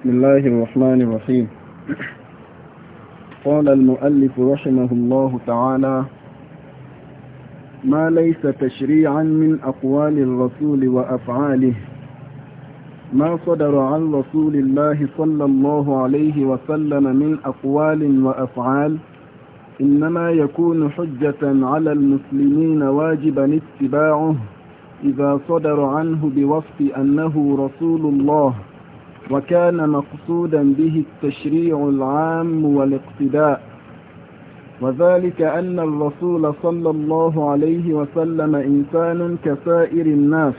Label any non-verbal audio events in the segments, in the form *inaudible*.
بسم الله الرحمن الرحيم قال المؤلف رحمه الله تعالى ما ليس تشريعا من أقوال الرسول وأفعاله ما صدر عن رسول الله صلى الله عليه وسلم من أقوال وأفعال إنما يكون حجة على المسلمين واجبا اتباعه إذا صدر عنه بوصف أنه رسول الله وكان مقصودا به التشريع العام والاقتداء وذلك أن الرسول صلى الله عليه وسلم إنسان كسائر الناس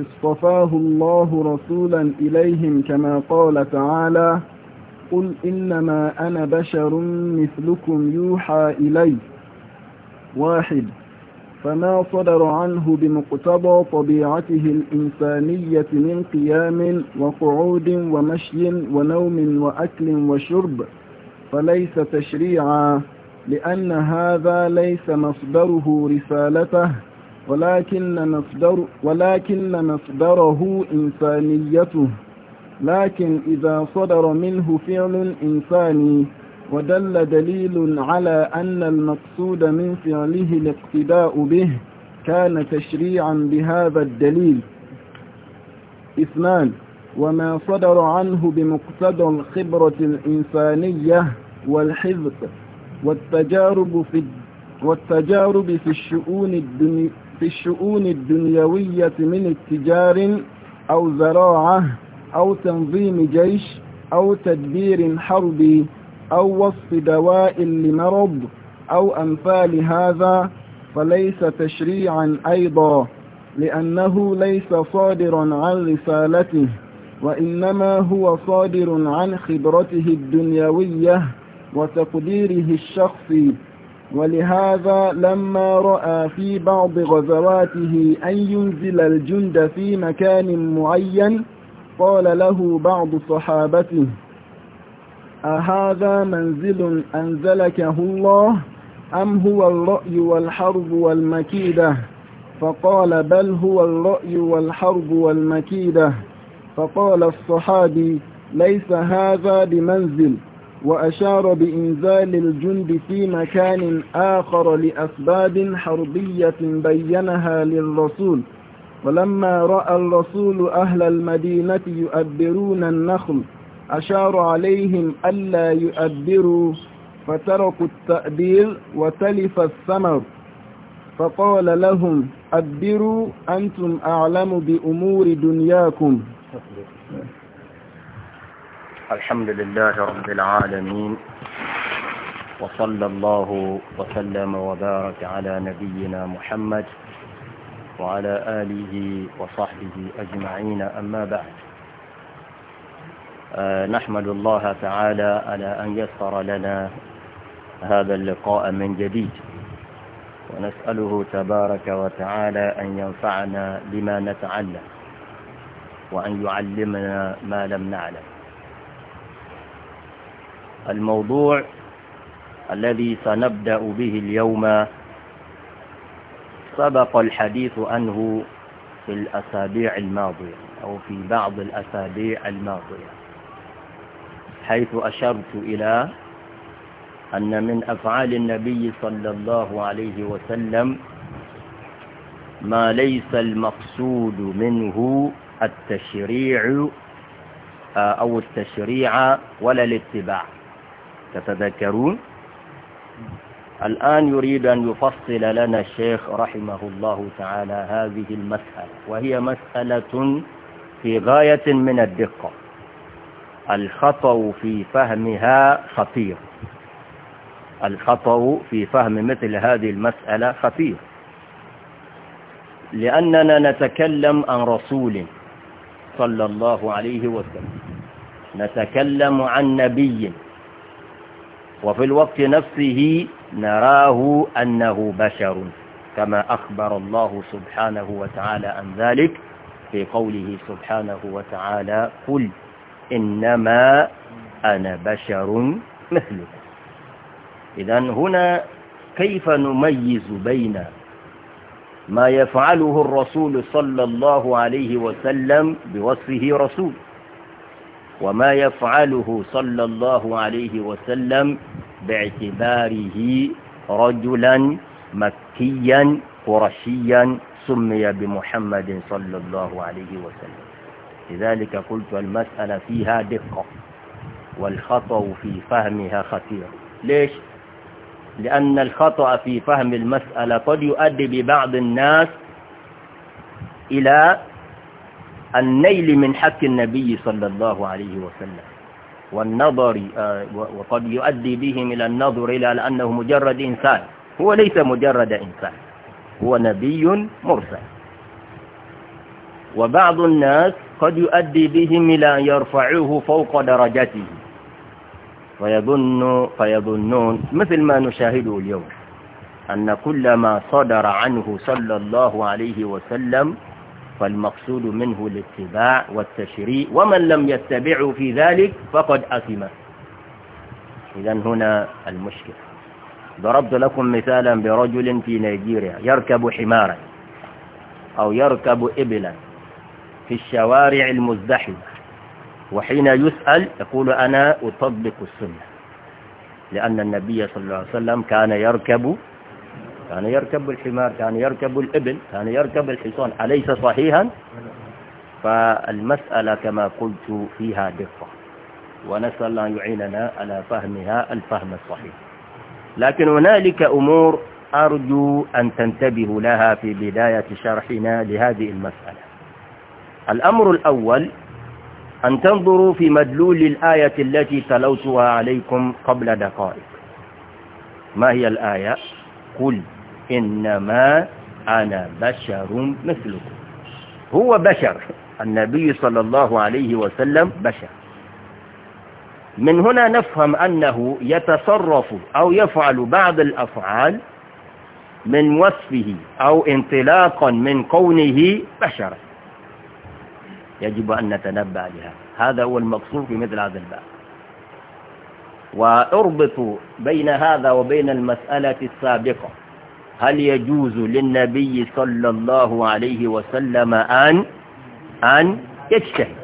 اصطفاه الله رسولا إليهم كما قال تعالى قل إنما أنا بشر مثلكم يوحى إلي واحد فما صدر عنه بمقتضى طبيعته الإنسانية من قيام وقعود ومشي ونوم وأكل وشرب فليس تشريعا لأن هذا ليس مصدره رسالته ولكن, مصدر ولكن مصدره إنسانيته لكن إذا صدر منه فعل إنساني ودل دليل على أن المقصود من فعله الاقتداء به كان تشريعا بهذا الدليل اثنان وما صدر عنه بمقتضى الخبرة الإنسانية والحذق والتجارب في والتجارب في الشؤون الدني في الشؤون الدنيوية من التجار أو زراعة أو تنظيم جيش أو تدبير حربي أو وصف دواء لمرض أو أمثال هذا فليس تشريعا أيضا لأنه ليس صادرا عن رسالته وإنما هو صادر عن خبرته الدنيوية وتقديره الشخصي ولهذا لما رأى في بعض غزواته أن ينزل الجند في مكان معين قال له بعض صحابته أهذا منزل أنزلكه الله أم هو الرأي والحرب والمكيدة فقال بل هو الرأي والحرب والمكيدة فقال الصحابي ليس هذا بمنزل وأشار بإنزال الجند في مكان آخر لأسباب حربية بينها للرسول ولما رأى الرسول أهل المدينة يؤبرون النخل أشار عليهم ألا يؤدروا فتركوا التأبير وتلف الثمر فقال لهم أدروا أنتم أعلم بأمور دنياكم الحمد لله رب العالمين وصلى الله وسلم وبارك على نبينا محمد وعلى آله وصحبه أجمعين أما بعد آه، نحمد الله تعالى على أن يسر لنا هذا اللقاء من جديد ونسأله تبارك وتعالى أن ينفعنا بما نتعلم وأن يعلمنا ما لم نعلم الموضوع الذي سنبدأ به اليوم سبق الحديث عنه في الأسابيع الماضية أو في بعض الأسابيع الماضية حيث أشرت إلى أن من أفعال النبي صلى الله عليه وسلم ما ليس المقصود منه التشريع آه، أو التشريع ولا الاتباع تتذكرون الآن يريد أن يفصل لنا الشيخ رحمه الله تعالى هذه المسألة وهي مسألة في غاية من الدقة الخطأ في فهمها خطير الخطأ في فهم مثل هذه المسألة خطير لأننا نتكلم عن رسول صلى الله عليه وسلم نتكلم عن نبي وفي الوقت نفسه نراه أنه بشر كما أخبر الله سبحانه وتعالى عن ذلك في قوله سبحانه وتعالى قل إنما أنا بشر مثلك إذا هنا كيف نميز بين ما يفعله الرسول صلى الله عليه وسلم بوصفه رسول وما يفعله صلى الله عليه وسلم باعتباره رجلا مكيا قرشيا سمي بمحمد صلى الله عليه وسلم لذلك قلت المسألة فيها دقة والخطأ في فهمها خطير ليش؟ لأن الخطأ في فهم المسألة قد يؤدي ببعض الناس إلى النيل من حق النبي صلى الله عليه وسلم والنظر آه، وقد يؤدي بهم إلى النظر إلى أنه مجرد إنسان هو ليس مجرد إنسان هو نبي مرسل وبعض الناس قد يؤدي بهم إلى أن يرفعوه فوق درجته ويظن فيظنون مثل ما نشاهده اليوم أن كل ما صدر عنه صلى الله عليه وسلم فالمقصود منه الاتباع والتشريع ومن لم يتبعه في ذلك فقد أثم إذا هنا المشكلة ضربت لكم مثالا برجل في نيجيريا يركب حمارا أو يركب إبلا في الشوارع المزدحمة وحين يسأل يقول أنا أطبق السنة لأن النبي صلى الله عليه وسلم كان يركب كان يركب الحمار كان يركب الإبل كان يركب الحصان أليس صحيحا فالمسألة كما قلت فيها دقة ونسأل الله يعيننا على فهمها الفهم الصحيح لكن هنالك أمور أرجو أن تنتبهوا لها في بداية شرحنا لهذه المسألة الأمر الأول أن تنظروا في مدلول الآية التي تلوتها عليكم قبل دقائق ما هي الآية قل إنما أنا بشر مثلكم هو بشر النبي صلى الله عليه وسلم بشر من هنا نفهم أنه يتصرف أو يفعل بعض الأفعال من وصفه أو انطلاقا من كونه بشرا يجب أن نتنبأ لها هذا هو المقصود في مثل هذا الباب وأربط بين هذا وبين المسألة السابقة هل يجوز للنبي صلى الله عليه وسلم أن أن يجتهد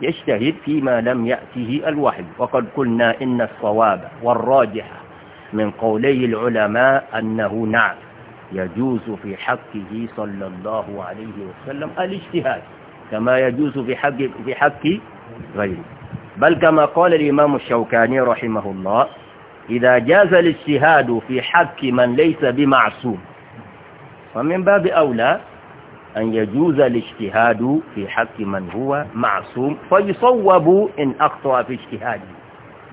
يجتهد فيما لم يأته الوحي وقد قلنا إن الصواب والراجح من قولي العلماء أنه نعم يجوز في حقه صلى الله عليه وسلم الاجتهاد كما يجوز في حق, في حق غيره بل كما قال الإمام الشوكاني رحمه الله إذا جاز الاجتهاد في حق من ليس بمعصوم فمن باب أولى أن يجوز الاجتهاد في حق من هو معصوم فيصوب إن أخطأ في اجتهاده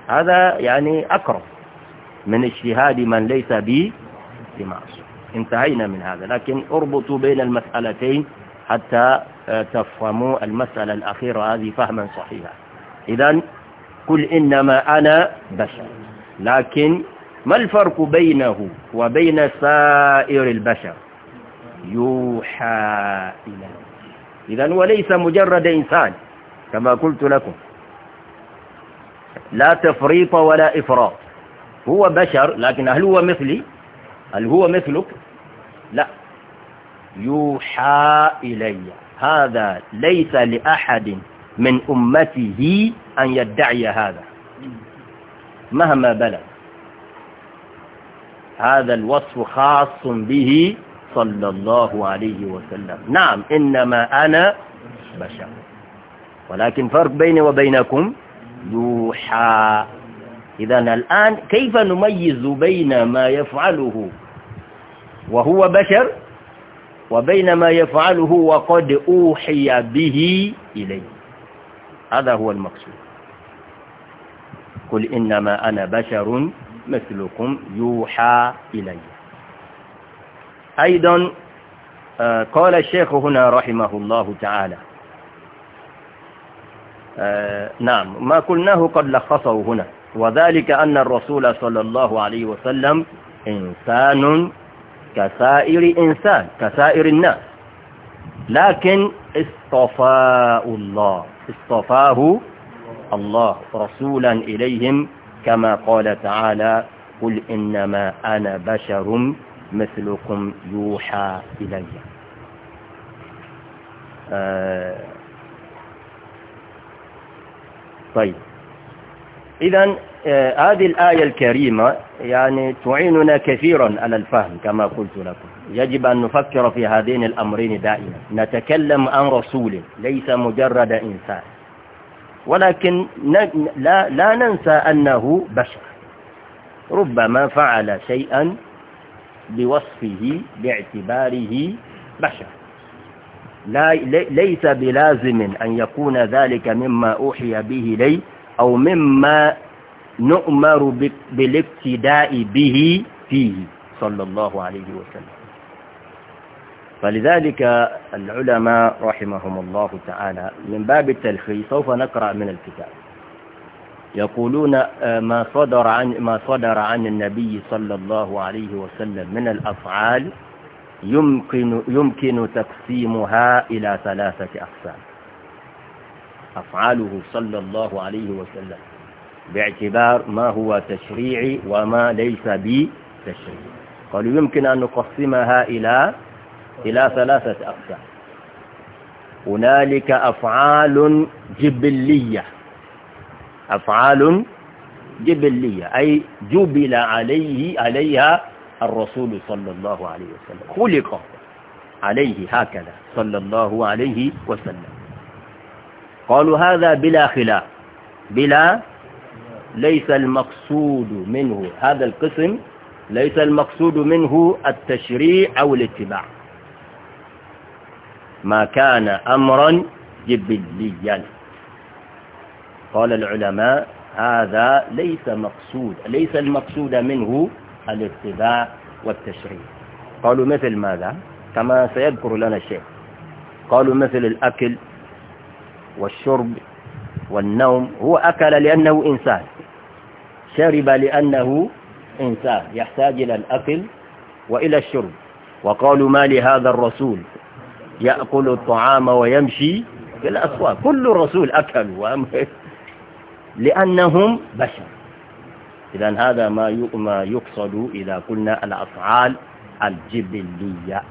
هذا يعني أقرب من اجتهاد من ليس بي بمعصوم انتهينا من هذا لكن اربطوا بين المسألتين حتى تفهموا المسألة الأخيرة هذه فهما صحيحا إذا قل إنما أنا بشر لكن ما الفرق بينه وبين سائر البشر يوحى إليه إذا وليس مجرد إنسان كما قلت لكم لا تفريط ولا إفراط هو بشر لكن هل هو مثلي هل هو مثلك لا يوحى إلي هذا ليس لأحد من أمته أن يدعي هذا مهما بلغ هذا الوصف خاص به صلى الله عليه وسلم نعم إنما أنا بشر ولكن فرق بيني وبينكم يوحى إذا الآن كيف نميز بين ما يفعله وهو بشر وبين ما يفعله وقد أوحي به إليه هذا هو المقصود قل إنما أنا بشر مثلكم يوحى إلي أيضا آه، قال الشيخ هنا رحمه الله تعالى آه، نعم ما قلناه قد لخصه هنا وذلك أن الرسول صلى الله عليه وسلم إنسان كسائر إنسان كسائر الناس لكن اصطفاء الله اصطفاه الله رسولا إليهم كما قال تعالى قل إنما أنا بشر مثلكم يوحى إلي آه طيب إذا آه، هذه الآية الكريمة يعني تعيننا كثيرا على الفهم كما قلت لكم يجب أن نفكر في هذين الأمرين دائما نتكلم عن رسول ليس مجرد إنسان ولكن لا, لا ننسى أنه بشر ربما فعل شيئا بوصفه باعتباره بشر لا ليس بلازم أن يكون ذلك مما أوحي به ليه أو مما نؤمر بالاقتداء به فيه صلى الله عليه وسلم فلذلك العلماء رحمهم الله تعالى من باب التلخيص سوف نقرأ من الكتاب يقولون آه، ما صدر عن ما صدر عن النبي صلى الله عليه وسلم من الأفعال يمكن يمكن تقسيمها إلى ثلاثة أقسام أفعاله صلى الله عليه وسلم باعتبار ما هو تشريعي وما ليس تشريعي قالوا يمكن أن نقسمها إلى إلى ثلاثة أقسام هنالك أفعال جبلية أفعال جبلية أي جبل عليه عليها الرسول صلى الله عليه وسلم خلق عليه هكذا صلى الله عليه وسلم قالوا هذا بلا خلاف بلا ليس المقصود منه هذا القسم ليس المقصود منه التشريع أو الاتباع ما كان أمرا جبليا قال العلماء هذا ليس مقصود ليس المقصود منه الاتباع والتشريع قالوا مثل ماذا كما سيذكر لنا الشيخ قالوا مثل الأكل والشرب والنوم هو أكل لأنه إنسان شرب لأنه إنسان يحتاج إلى الأكل وإلى الشرب وقالوا ما لهذا الرسول يأكل الطعام ويمشي في الأسواق كل الرسول أكل *laughs* لأنهم بشر إذا هذا ما يقصد إذا قلنا الأفعال الجبلية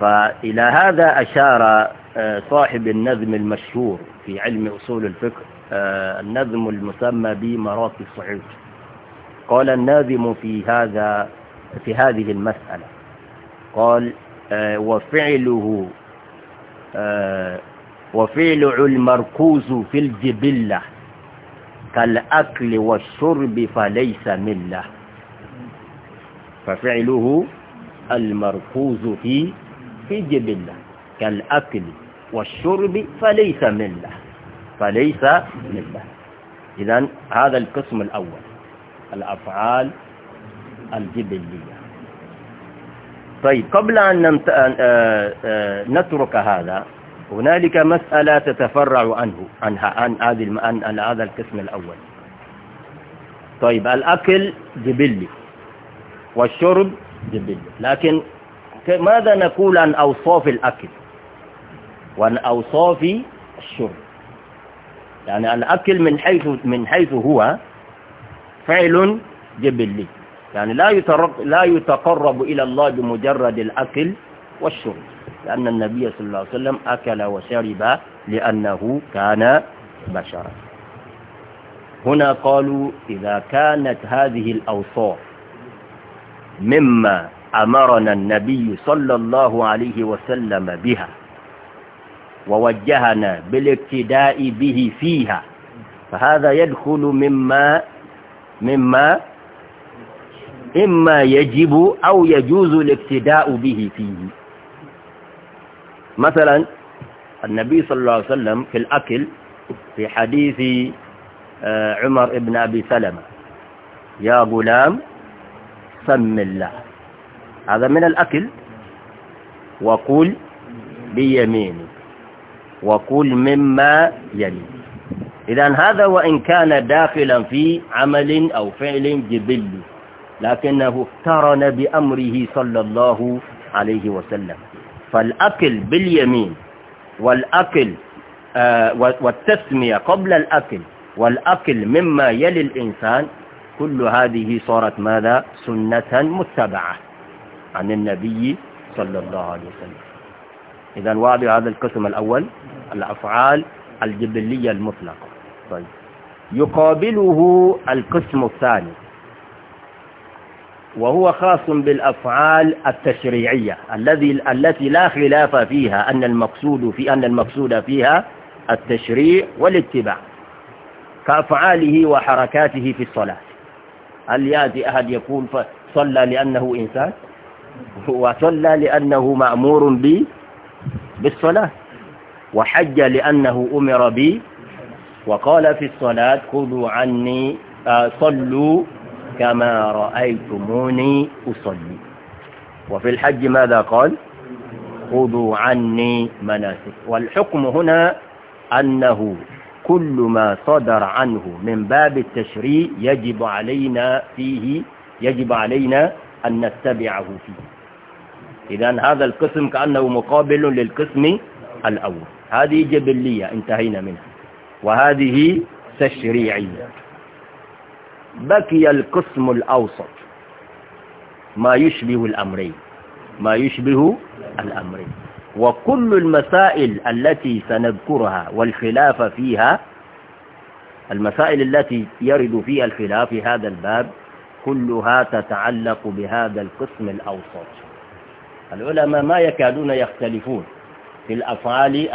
فإلى هذا أشار آه، صاحب النظم المشهور في علم أصول الفقه آه، النظم المسمى بمراقي الصعود قال النظم في هذا في هذه المسألة قال آه، وفعله وفعل المركوز في الجبلة كالأكل والشرب فليس ملة ففعله المركوز في في جبلة كالأكل والشرب فليس ملة فليس ملة إذا هذا القسم الأول الأفعال الجبلية طيب قبل أن نمت... آه، آه، نترك هذا هنالك مسألة تتفرع عنه عنها عن هذا عن هذا القسم الأول طيب الأكل جبلي والشرب جبلي لكن ماذا نقول عن أوصاف الأكل وعن أوصاف الشرب يعني الأكل من حيث من حيث هو فعل جبلي يعني لا يترق لا يتقرب إلى الله بمجرد الأكل والشرب لأن النبي صلى الله عليه وسلم أكل وشرب لأنه كان بشرا هنا قالوا إذا كانت هذه الأوصاف مما أمرنا النبي صلى الله عليه وسلم بها ووجهنا بالاقتداء به فيها فهذا يدخل مما مما إما يجب أو يجوز الاقتداء به فيه مثلا النبي صلى الله عليه وسلم في الأكل في حديث آه، عمر بن أبي سلمة يا غلام سم الله هذا من الأكل وقول بيمينك وقول مما يلي إذا هذا وإن كان داخلا في عمل أو فعل جبلي لكنه اقترن بأمره صلى الله عليه وسلم فالأكل باليمين والأكل آه والتسمية قبل الأكل والأكل مما يلي الإنسان كل هذه صارت ماذا سنة متبعة عن النبي صلى الله عليه وسلم إذا واضح هذا القسم الأول الأفعال الجبلية المطلقة طيب يقابله القسم الثاني وهو خاص بالأفعال التشريعية الذي التي لا خلاف فيها أن المقصود في أن المقصود فيها التشريع والاتباع كأفعاله وحركاته في الصلاة هل يأتي أحد يقول صلى لأنه إنسان وصلى لأنه مأمور بي بالصلاة وحج لأنه أمر بي وقال في الصلاة خذوا عني آه، صلوا كما رأيتموني أصلي وفي الحج ماذا قال خذوا عني مناسك والحكم هنا أنه كل ما صدر عنه من باب التشريع يجب علينا فيه يجب علينا أن نتبعه فيه إذا هذا القسم كأنه مقابل للقسم الأول هذه جبلية انتهينا منها وهذه تشريعية بقي القسم الأوسط ما يشبه الأمرين ما يشبه الأمرين وكل المسائل التي سنذكرها والخلاف فيها المسائل التي يرد فيها الخلاف في هذا الباب كلها تتعلق بهذا القسم الأوسط العلماء ما يكادون يختلفون في الأفعال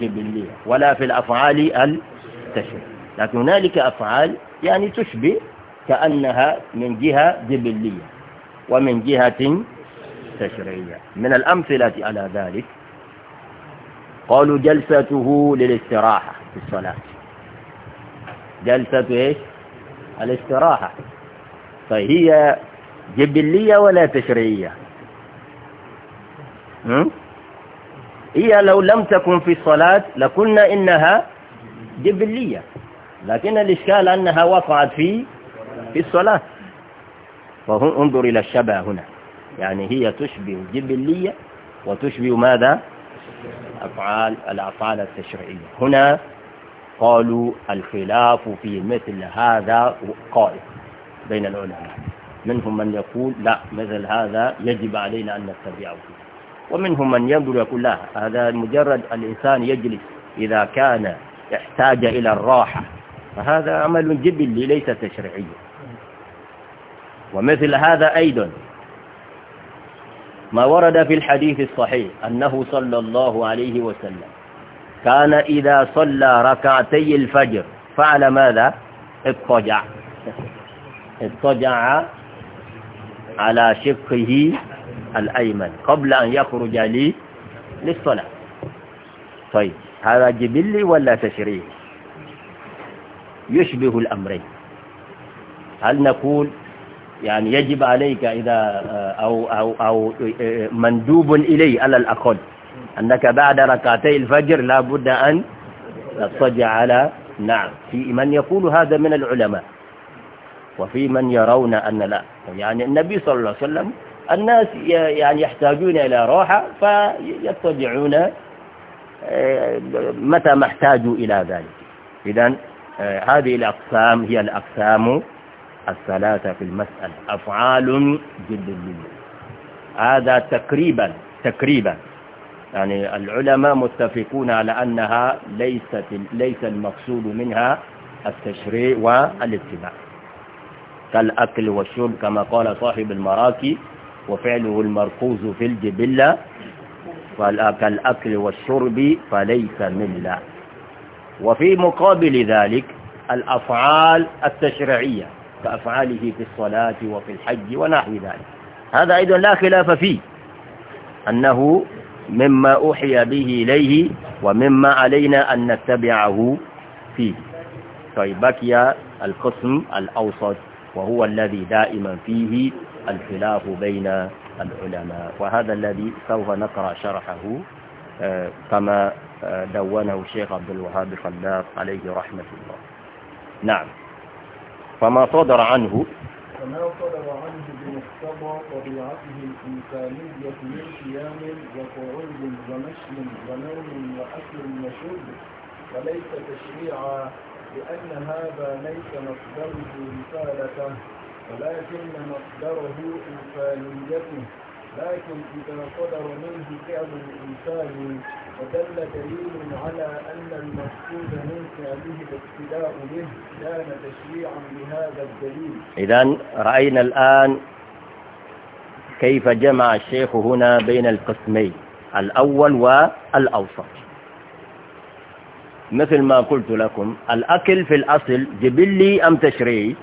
الجبلية ولا في الأفعال التشبه لكن هنالك أفعال يعني تشبه كأنها من جهة جبلية ومن جهة تشريعية من الأمثلة على ذلك قالوا جلسته للاستراحة في الصلاة جلسة إيش الاستراحة فهي جبلية ولا تشريعية هي لو لم تكن في الصلاة لقلنا إنها جبلية لكن الإشكال أنها وقعت في في الصلاة فهم انظر إلى الشبه هنا يعني هي تشبه جبلية وتشبه ماذا أفعال الأفعال التشريعية هنا قالوا الخلاف في مثل هذا قائم بين العلماء منهم من يقول لا مثل هذا يجب علينا أن نتبعه ومنهم من ينظر يقول لا هذا مجرد الإنسان يجلس إذا كان يحتاج إلى الراحة فهذا عمل جبلي ليس تشريعيا ومثل هذا أيضا ما ورد في الحديث الصحيح أنه صلى الله عليه وسلم كان إذا صلى ركعتي الفجر فعل ماذا؟ اضطجع اضطجع على شقه الأيمن قبل أن يخرج لي للصلاة طيب هذا جبلي ولا تشريعي يشبه الأمرين هل نقول يعني يجب عليك إذا أو, أو, أو مندوب إلي على الأقل أنك بعد ركعتي الفجر لا بد أن تضطجع على نعم في من يقول هذا من العلماء وفي من يرون أن لا يعني النبي صلى الله عليه وسلم الناس يعني يحتاجون إلى راحة فيتبعون آه، متى ما احتاجوا إلى ذلك إذا آه، هذه الأقسام هي الأقسام الثلاثة في المسألة أفعال جد لله هذا تقريبا تقريبا يعني العلماء متفقون على أنها ليست ليس المقصود منها التشريع والاتباع كالأكل والشرب كما قال صاحب المراكي وفعله المركوز في الجبلة كالأكل والشرب فليس ملة وفي مقابل ذلك الأفعال التشريعية كأفعاله في الصلاة وفي الحج ونحو ذلك هذا أيضا لا خلاف فيه أنه مما أوحي به إليه ومما علينا أن نتبعه فيه طيب بقي القسم الأوسط وهو الذي دائما فيه الخلاف بين العلماء وهذا الذي سوف نقرأ شرحه آه، كما آه، دونه الشيخ عبد الوهاب خلاف عليه رحمة الله نعم فما صدر عنه فما صدر عنه بمقتضى طبيعته الإنسانية من قيام وقعود ومشي ونوم وأكل وشرب وليس تشريعا لأن هذا ليس مصدره رسالته ولكن مصدره إنسانيته لكن إذا صدر منه فعل إنساني ودل دليل على أن المقصود من فعله الاقتداء به كان تشريعا بهذا الدليل إذا رأينا الآن كيف جمع الشيخ هنا بين القسمين الأول والأوسط مثل ما قلت لكم الأكل في الأصل جبلي أم تشري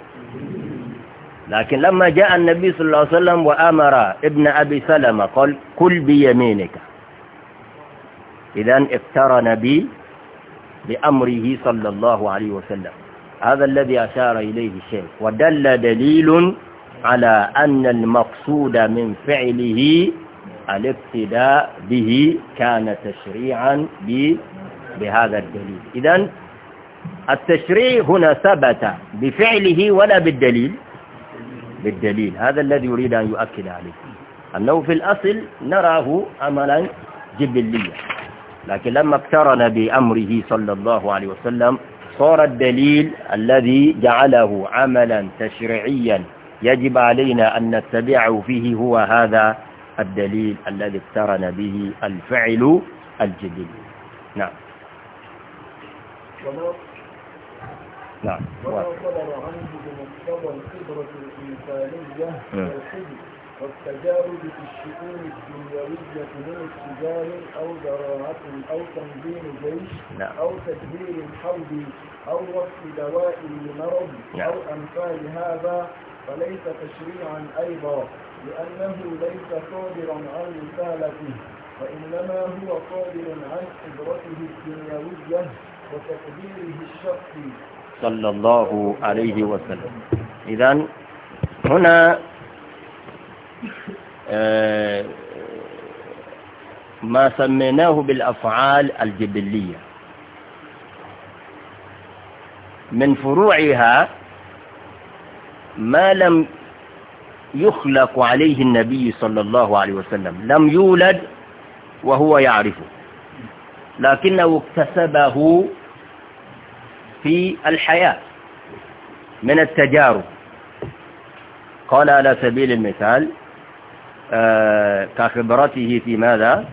لكن لما جاء النبي صلى الله عليه وسلم وأمر ابن أبي سلمة قال كل بيمينك إذا اقترن بي بأمره صلى الله عليه وسلم هذا الذي أشار إليه الشيخ ودل دليل على أن المقصود من فعله الاقتداء به كان تشريعا بمن بهذا الدليل إذا التشريع هنا ثبت بفعله ولا بالدليل بالدليل هذا الذي يريد أن يؤكد عليه أنه في الأصل نراه أملا جبليا لكن لما اقترن بأمره صلى الله عليه وسلم صار الدليل الذي جعله عملا تشريعيا يجب علينا أن نتبعه فيه هو هذا الدليل الذي اقترن به الفعل الجبلي نعم نعم وما صدر عنه بمقتضى الخبرة الإنسانية نعم. والحلم والتجارب في الشؤون الدنيوية من السجال أو زراعة أو تنظيم جيش نعم. أو تدبير حرب أو وصف دواء لمرض نعم. أو أمثال هذا فليس تشريعا أيضا لأنه ليس صادرا عن رسالته وإنما هو قادر عن قدرته الدنيوية وتقديره الشخصي صلى الله عليه وسلم إذا هنا آه، ما سميناه بالأفعال الجبلية من فروعها ما لم يخلق عليه النبي صلى الله عليه وسلم لم يولد وهو يعرفه لكنه اكتسبه في الحياة من التجارب قال على سبيل المثال آه، كخبرته في ماذا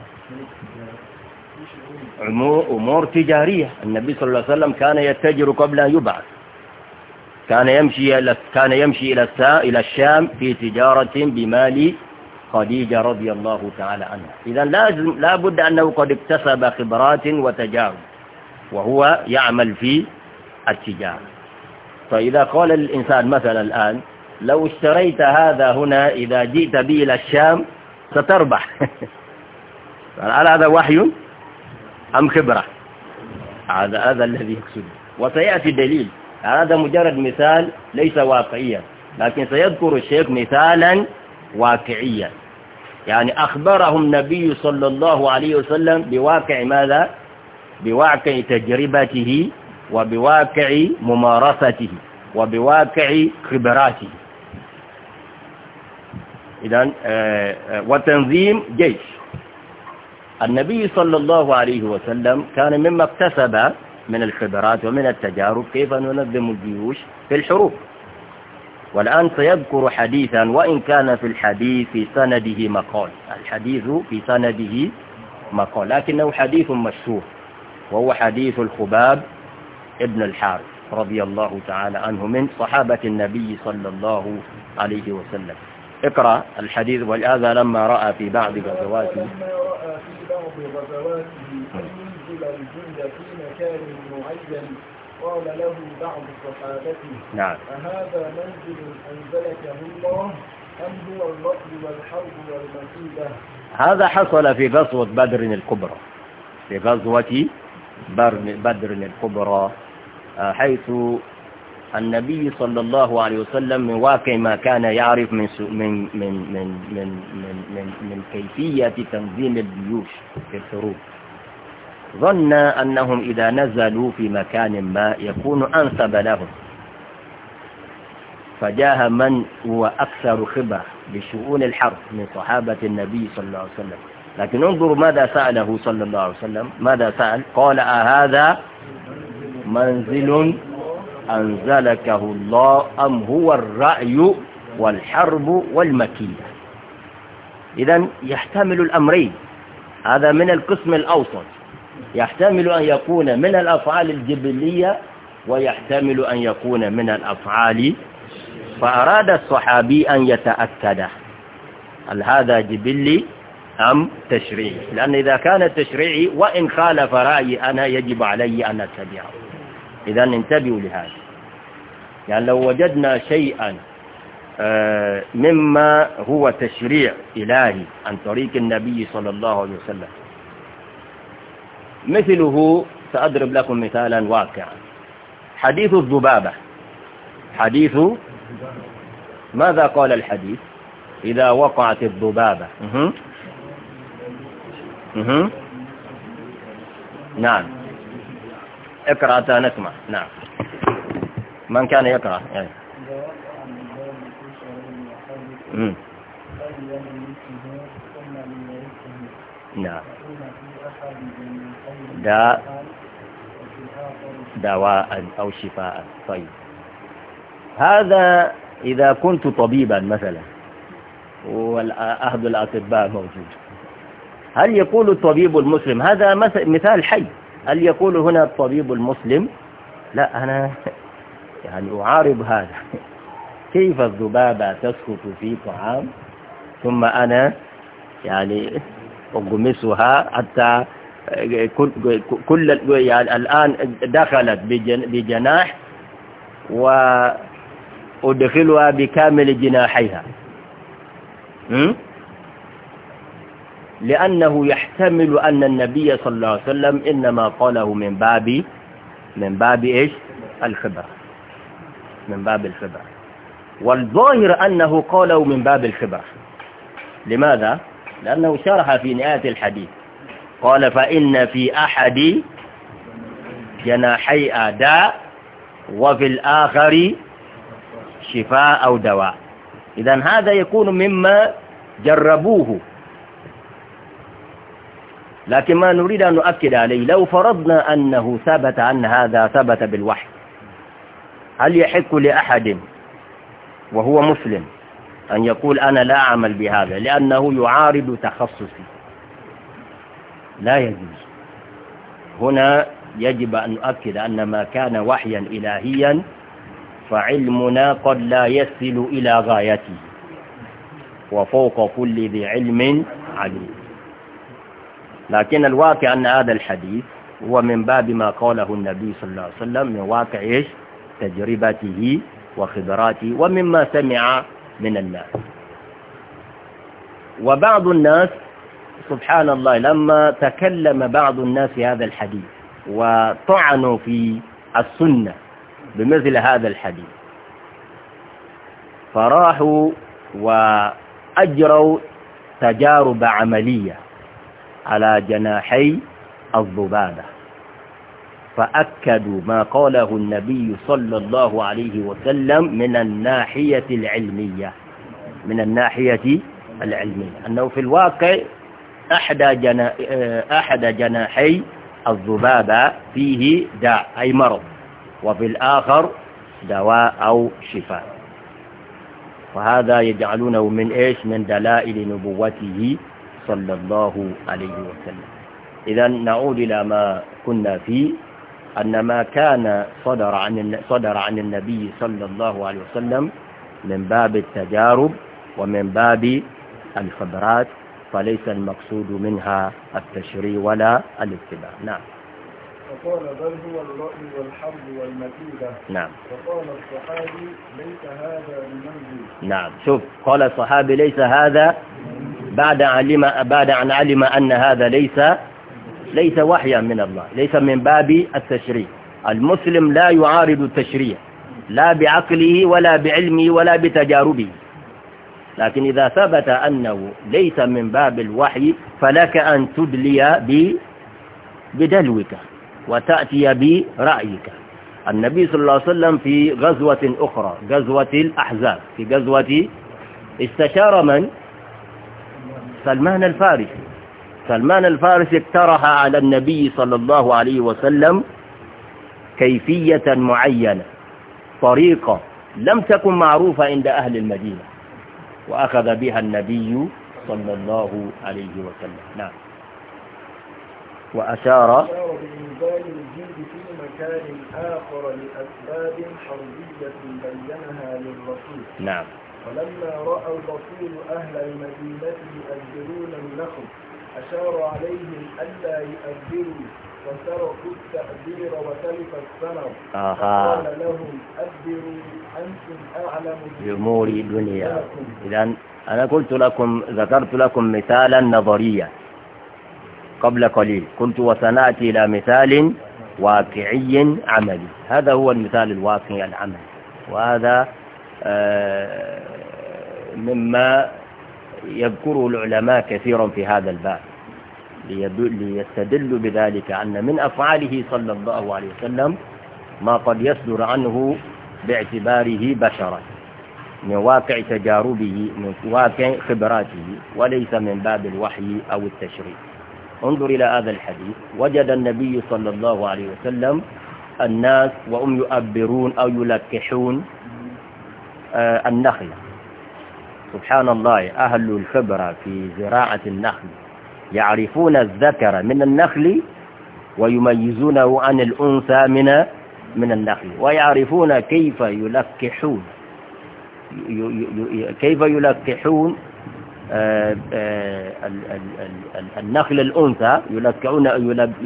أمور تجارية النبي صلى الله عليه وسلم كان يتجر قبل أن يبعث كان يمشي إلى كان يمشي إلى الشام في تجارة بمال خديجة رضي الله تعالى عنها إذا لازم لا بد أنه قد اكتسب خبرات وتجارب وهو يعمل في التجارة فإذا قال الإنسان مثلا الآن لو اشتريت هذا هنا إذا جئت به إلى الشام ستربح *laughs* هل هذا وحي أم خبرة هذا هذا الذي يقصد وسيأتي دليل هذا مجرد مثال ليس واقعيا لكن سيذكر الشيخ مثالا واقعيا يعني أخبرهم النبي صلى الله عليه وسلم بواقع ماذا بواقع تجربته وبواقع ممارسته وبواقع خبراته إذا آه، آه، وتنظيم جيش النبي صلى الله عليه وسلم كان مما اكتسب من الخبرات ومن التجارب كيف ننظم الجيوش في الحروب والآن سيذكر حديثا وإن كان في الحديث في سنده مقال الحديث في سنده مقال لكنه حديث مشهور وهو حديث الخباب ابن الحارث رضي الله تعالى عنه من صحابة النبي صلى الله عليه وسلم اقرأ الحديث ولهذا لما رأى في بعض غزواته لما رأى في بعض غزواته ينزل الجند في مكان معين فقال له بعض صحابته نعم أهذا منزل أنزلكه الله أم هو الرطل والحرب والمسيدة هذا حصل في غزوة بدر الكبرى في غزوة بدر الكبرى آه، حيث النبي صلى الله عليه وسلم من واقع ما كان يعرف من من من من من من, من, من كيفية تنظيم الجيوش في الحروب ظن أنهم إذا نزلوا في مكان ما يكون أنسب لهم فجاه من هو أكثر خبرة بشؤون الحرب من صحابة النبي صلى الله عليه وسلم لكن انظروا ماذا سأله صلى الله عليه وسلم ماذا سأل قال أهذا منزل أنزلكه الله أم هو الرأي والحرب والمكيدة إذا يحتمل الأمرين هذا من القسم الأوسط يحتمل أن يكون من الأفعال الجبلية ويحتمل أن يكون من الأفعال فأراد الصحابي أن يتأكد هل هذا جبلي أم تشريعي لأن إذا كان تشريعي وإن خالف رأيي أنا يجب علي أن أتبعه إذا انتبهوا لهذا يعني لو وجدنا شيئا آه، مما هو تشريع إلهي عن طريق النبي صلى الله عليه وسلم مثله سأضرب لكم مثالا واقعا حديث الذبابة حديث ماذا قال الحديث إذا وقعت الذبابة نعم اقرأ نسمع نعم من كان يقرأ يعني. نعم داء دواء أو شفاء طيب هذا إذا كنت طبيبا مثلا وأحد الأطباء موجود هل يقول الطبيب المسلم هذا مثال حي هل يقول هنا الطبيب المسلم لا أنا يعني أعارض هذا كيف الذبابة تسكت في طعام ثم أنا يعني أغمسها حتى كل الآن دخلت بجناح وأدخلها بكامل جناحيها لأنه يحتمل أن النبي صلى الله عليه وسلم إنما قاله من باب من باب إيش الخبرة من باب الخبرة والظاهر أنه قاله من باب الخبرة لماذا؟ لأنه شرح في نهاية الحديث قال فإن في أحد جناحي آداء وفي الآخر شفاء أو دواء إذا هذا يكون مما جربوه لكن ما نريد أن نؤكد عليه لو فرضنا أنه ثبت أن هذا ثبت بالوحي هل يحق لأحد وهو مسلم أن يقول أنا لا أعمل بهذا لأنه يعارض تخصصي لا يجوز هنا يجب أن نؤكد أن ما كان وحيا إلهيا فعلمنا قد لا يصل إلى غايته وفوق كل ذي علم عليم لكن الواقع أن هذا الحديث هو من باب ما قاله النبي صلى الله عليه وسلم من واقع تجربته وخبراته ومما سمع من الناس وبعض الناس سبحان الله لما تكلم بعض الناس هذا الحديث وطعنوا في السنة بمثل هذا الحديث فراحوا وأجروا تجارب عملية على جناحي الضبابة فأكدوا ما قاله النبي صلى الله عليه وسلم من الناحية العلمية من الناحية العلمية أنه في الواقع أحد, جنا... آه، أحد جناحي الذبابة فيه داء أي مرض وفي الآخر دواء أو شفاء وهذا يجعلونه من إيش من دلائل نبوته صلى الله عليه وسلم إذا نعود إلى ما كنا فيه أن ما كان صدر عن صدر عن النبي صلى الله عليه وسلم من باب التجارب ومن باب الخبرات فليس المقصود منها التشريع ولا الاتباع نعم فقال بل هو الرأي والحرب والمكيدة نعم فقال الصحابي ليس هذا بمنزل نعم شوف قال الصحابي ليس هذا بعد علم بعد أن علم أن هذا ليس ليس وحيا من الله ليس من باب التشريع المسلم لا يعارض التشريع لا بعقله ولا بعلمه ولا بتجاربه لكن إذا ثبت أنه ليس من باب الوحي فلك أن تدلي بدلوك وتأتي برأيك النبي صلى الله عليه وسلم في غزوة أخرى غزوة الأحزاب في غزوة استشار من سلمان الفارسي سلمان الفارسي اقترح على النبي صلى الله عليه وسلم كيفية معينة طريقة لم تكن معروفة عند أهل المدينة وأخذ بها النبي صلى الله عليه وسلم نعم وأشار بإنزال الجلد في مكان آخر لأسباب حربية بينها للرسول نعم فلما رأى الرسول أهل المدينة يؤذرون النخل أشار عليهم ألا يؤذروا وتركوا التأذير وتلف أها قال لهم أدبروا أنتم أعلم بأمور دنياكم إذا أنا قلت لكم ذكرت لكم مثالا نظريا قبل قليل كنت وسنأتي إلى مثال واقعي عملي هذا هو المثال الواقعي العملي وهذا آه، مما يذكره العلماء كثيرا في هذا الباب ليستدل بذلك أن من أفعاله صلى الله عليه وسلم ما قد يصدر عنه باعتباره بشرا من واقع تجاربه من واقع خبراته وليس من باب الوحي أو التشريع انظر إلى هذا الحديث وجد النبي صلى الله عليه وسلم الناس وهم يؤبرون أو يلكحون آه، النخل سبحان الله أهل الخبرة في زراعة النخل يعرفون الذكر من النخل ويميزونه عن الأنثى من من النخل ويعرفون كيف يلقحون كيف يلقحون آه، آه، النخل الأنثى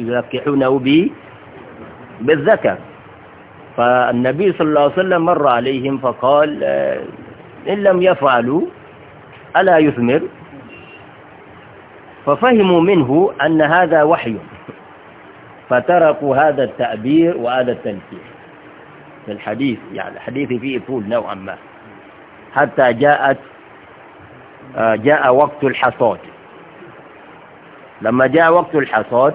يلقحونه بالذكر فالنبي صلى الله عليه وسلم مر عليهم فقال آه، إن لم يفعلوا ألا يثمر ففهموا منه أن هذا وحي فتركوا هذا التعبير وهذا التنكير في الحديث يعني الحديث فيه طول نوعا ما حتى جاءت آه، جاء وقت الحصاد لما جاء وقت الحصاد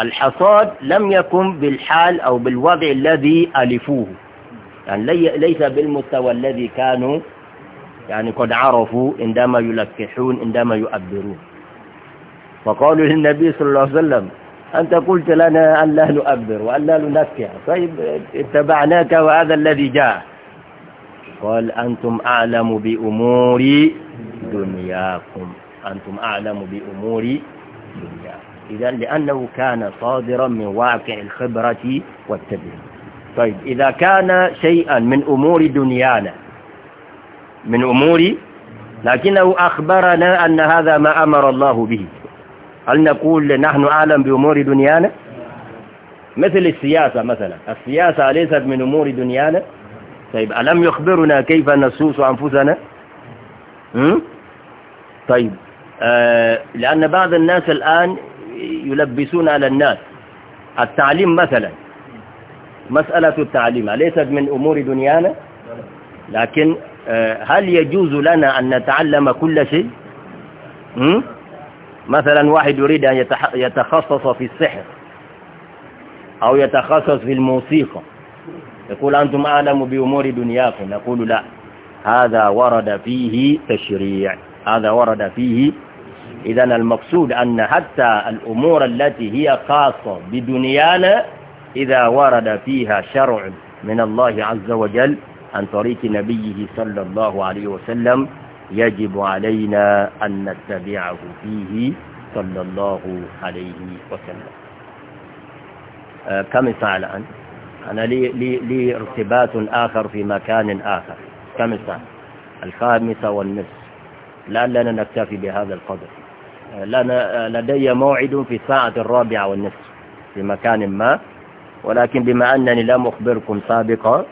الحصاد لم يكن بالحال أو بالوضع الذي ألفوه يعني ليس بالمستوى الذي كانوا يعني قد عرفوا عندما يلكحون عندما يؤبرون فقالوا للنبي صلى الله عليه وسلم أنت قلت لنا أن لا نؤبر وأن لا ننكح طيب اتبعناك وهذا الذي جاء قال أنتم أعلم بأمور دنياكم أنتم أعلم بأمور دنياكم إذا لأنه كان صادرا من واقع الخبرة والتدريب طيب إذا كان شيئا من أمور دنيانا من أموري لكنه أخبرنا أن هذا ما أمر الله به هل نقول نحن أعلم بأمور دنيانا مثل السياسة مثلا السياسة ليست من أمور دنيانا طيب ألم يخبرنا كيف نسوس أنفسنا م? طيب آه لأن بعض الناس الآن يلبسون على الناس التعليم مثلا مسألة التعليم ليست من أمور دنيانا لكن آه، هل يجوز لنا أن نتعلم كل شيء مثلا واحد يريد أن يتخصص في السحر أو يتخصص في الموسيقى يقول أنتم أعلم بأمور دنياكم نقول لا هذا ورد فيه تشريع هذا ورد فيه إذا المقصود أن حتى الأمور التي هي خاصة بدنيانا إذا ورد فيها شرع من الله عز وجل عن طريق نبيه صلى الله عليه وسلم يجب علينا أن نتبعه فيه صلى الله عليه وسلم آه كم الساعة الآن أنا لي, لي, لي ارتباط آخر في مكان آخر كم الساعة الخامسة والنصف لعلنا نكتفي بهذا القدر آه، لنا آه، لدي موعد في الساعة الرابعة والنصف في مكان ما ولكن بما أنني لم أخبركم سابقا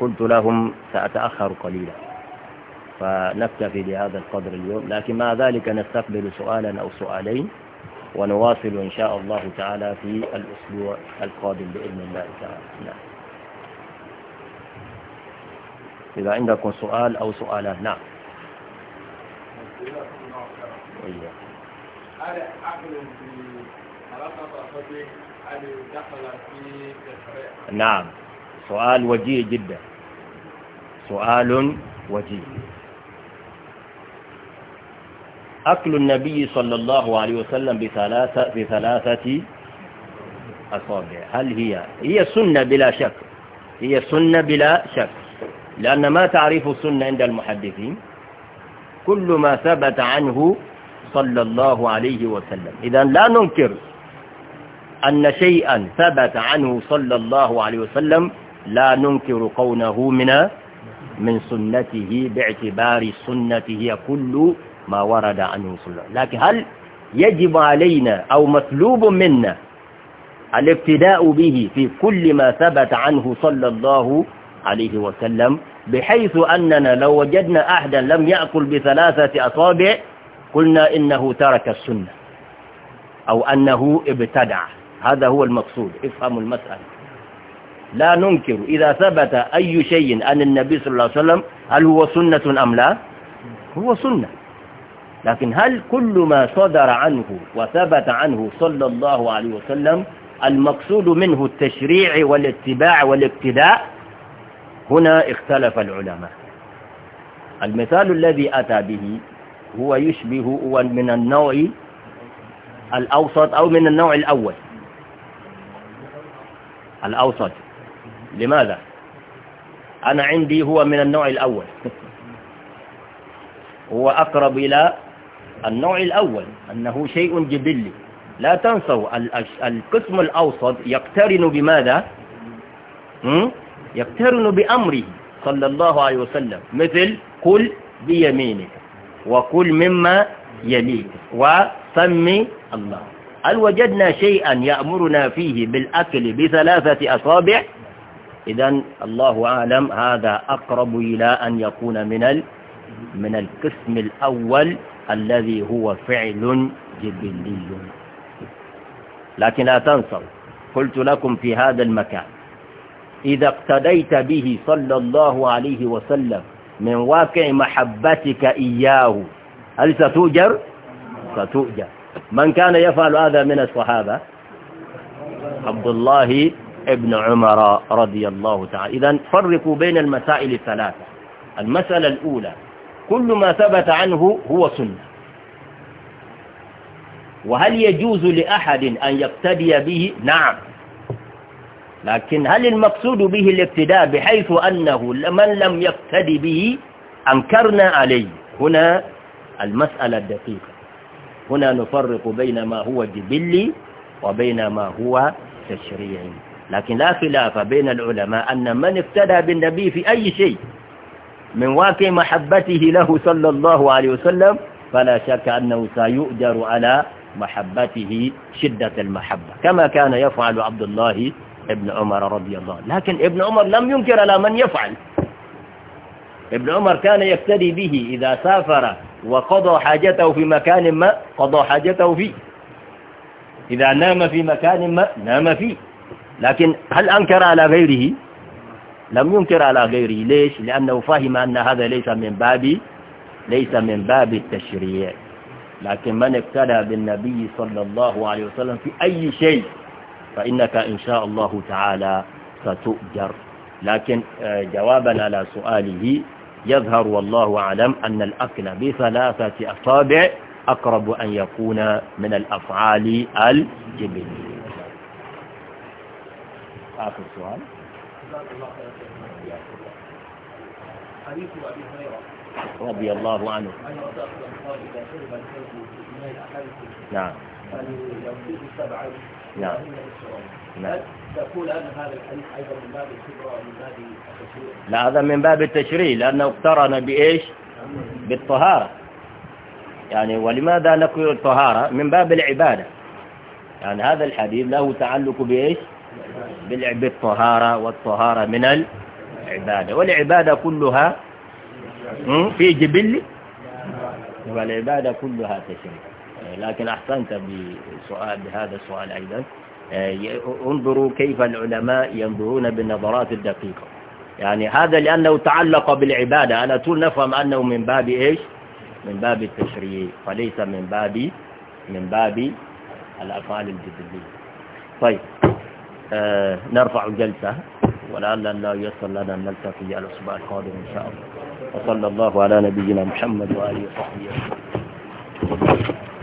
قلت لهم سأتأخر قليلا فنكتفي بهذا القدر اليوم لكن مع ذلك نستقبل سؤالا أو سؤالين ونواصل إن شاء الله تعالى في الأسبوع القادم بإذن الله تعالى نعم. إذا عندكم سؤال أو سؤالان نعم هل عقل في علاقة عن دخل في نعم سؤال وجيه جدا سؤال وجيه أكل النبي صلى الله عليه وسلم بثلاثة, بثلاثة أصابع هل هي هي سنة بلا شك هي سنة بلا شك لأن ما تعريف السنة عند المحدثين كل ما ثبت عنه صلى الله عليه وسلم إذا لا ننكر أن شيئا ثبت عنه صلى الله عليه وسلم لا ننكر كونه من من سنته باعتبار السنة هي كل ما ورد عنه صلى الله عليه وسلم لكن هل يجب علينا أو مطلوب منا الابتداء به في كل ما ثبت عنه صلى الله عليه وسلم بحيث أننا لو وجدنا أحدا لم يأكل بثلاثة أصابع قلنا إنه ترك السنة أو أنه ابتدع هذا هو المقصود افهموا المسألة لا ننكر إذا ثبت أي شيء عن النبي صلى الله عليه وسلم هل هو سنة أم لا هو سنة لكن هل كل ما صدر عنه وثبت عنه صلى الله عليه وسلم المقصود منه التشريع والاتباع والاقتداء هنا اختلف العلماء المثال الذي أتى به هو يشبه هو من النوع الأوسط أو من النوع الأول الأوسط لماذا أنا عندي هو من النوع الأول هو أقرب إلى النوع الأول أنه شيء جبلي لا تنسوا القسم الأوسط يقترن بماذا يقترن بأمره صلى الله عليه وسلم مثل قل بيمينك وقل مما يليك وسمي الله هل وجدنا شيئا يأمرنا فيه بالأكل بثلاثة أصابع إذا الله أعلم هذا أقرب إلى أن يكون من من القسم الأول الذي هو فعل جبلي لكن لا تنسوا قلت لكم في هذا المكان إذا اقتديت به صلى الله عليه وسلم من واقع محبتك إياه هل ستؤجر؟ ستؤجر من كان يفعل هذا من الصحابة عبد الله ابن عمر رضي الله تعالى إذا فرقوا بين المسائل الثلاثة المسألة الأولى كل ما ثبت عنه هو سنة وهل يجوز لأحد أن يقتدي به نعم لكن هل المقصود به الاقتداء بحيث أنه من لم يقتدي به أنكرنا عليه هنا المسألة الدقيقة هنا نفرق بين ما هو جبلي وبين ما هو تشريعي لكن لا خلاف بين العلماء أن من افتدى بالنبي في أي شيء من واقع محبته له صلى الله عليه وسلم فلا شك أنه سيؤجر على محبته شدة المحبة كما كان يفعل عبد الله ابن عمر رضي الله لكن ابن عمر لم ينكر على من يفعل ابن عمر كان يفتدي به إذا سافر وقضى حاجته في مكان ما قضى حاجته فيه إذا نام في مكان ما نام فيه لكن هل أنكر على غيره لم ينكر على غيره ليش لأنه فهم أن هذا ليس من باب ليس من باب التشريع لكن من ابتلى بالنبي صلى الله عليه وسلم في أي شيء فإنك إن شاء الله تعالى ستؤجر لكن آه، جوابا على سؤاله يظهر والله أعلم أن الأكل بثلاثة أصابع أقرب أن يكون من الأفعال الجبلية آخر سؤال حديث أبي هريرة رضي الله عنه أن رسول الله قال إذا شرب الكلب نعم يعني سبعا نعم نعم تقول أن هذا الحديث أيضا من باب الكبرى ومن باب التشريع لا هذا من باب التشريع لأنه اقترن بإيش؟ بالطهارة يعني ولماذا نقول الطهارة من باب العبادة يعني هذا الحديث له تعلق بإيش؟ بالطهارة والطهارة من العبادة والعبادة كلها في جبل والعبادة كلها تشريك لكن أحسنت بسؤال بهذا السؤال أيضا انظروا كيف العلماء ينظرون بالنظرات الدقيقة يعني هذا لأنه تعلق بالعبادة أنا طول نفهم أنه من باب إيش من باب التشريع وليس من باب من باب الأفعال الجبلية طيب آه، نرفع الجلسة ولعل لا يسر لنا أن نلتقي على الأسبوع القادم إن شاء الله وصلى الله على نبينا محمد وآله وصحبه وسلم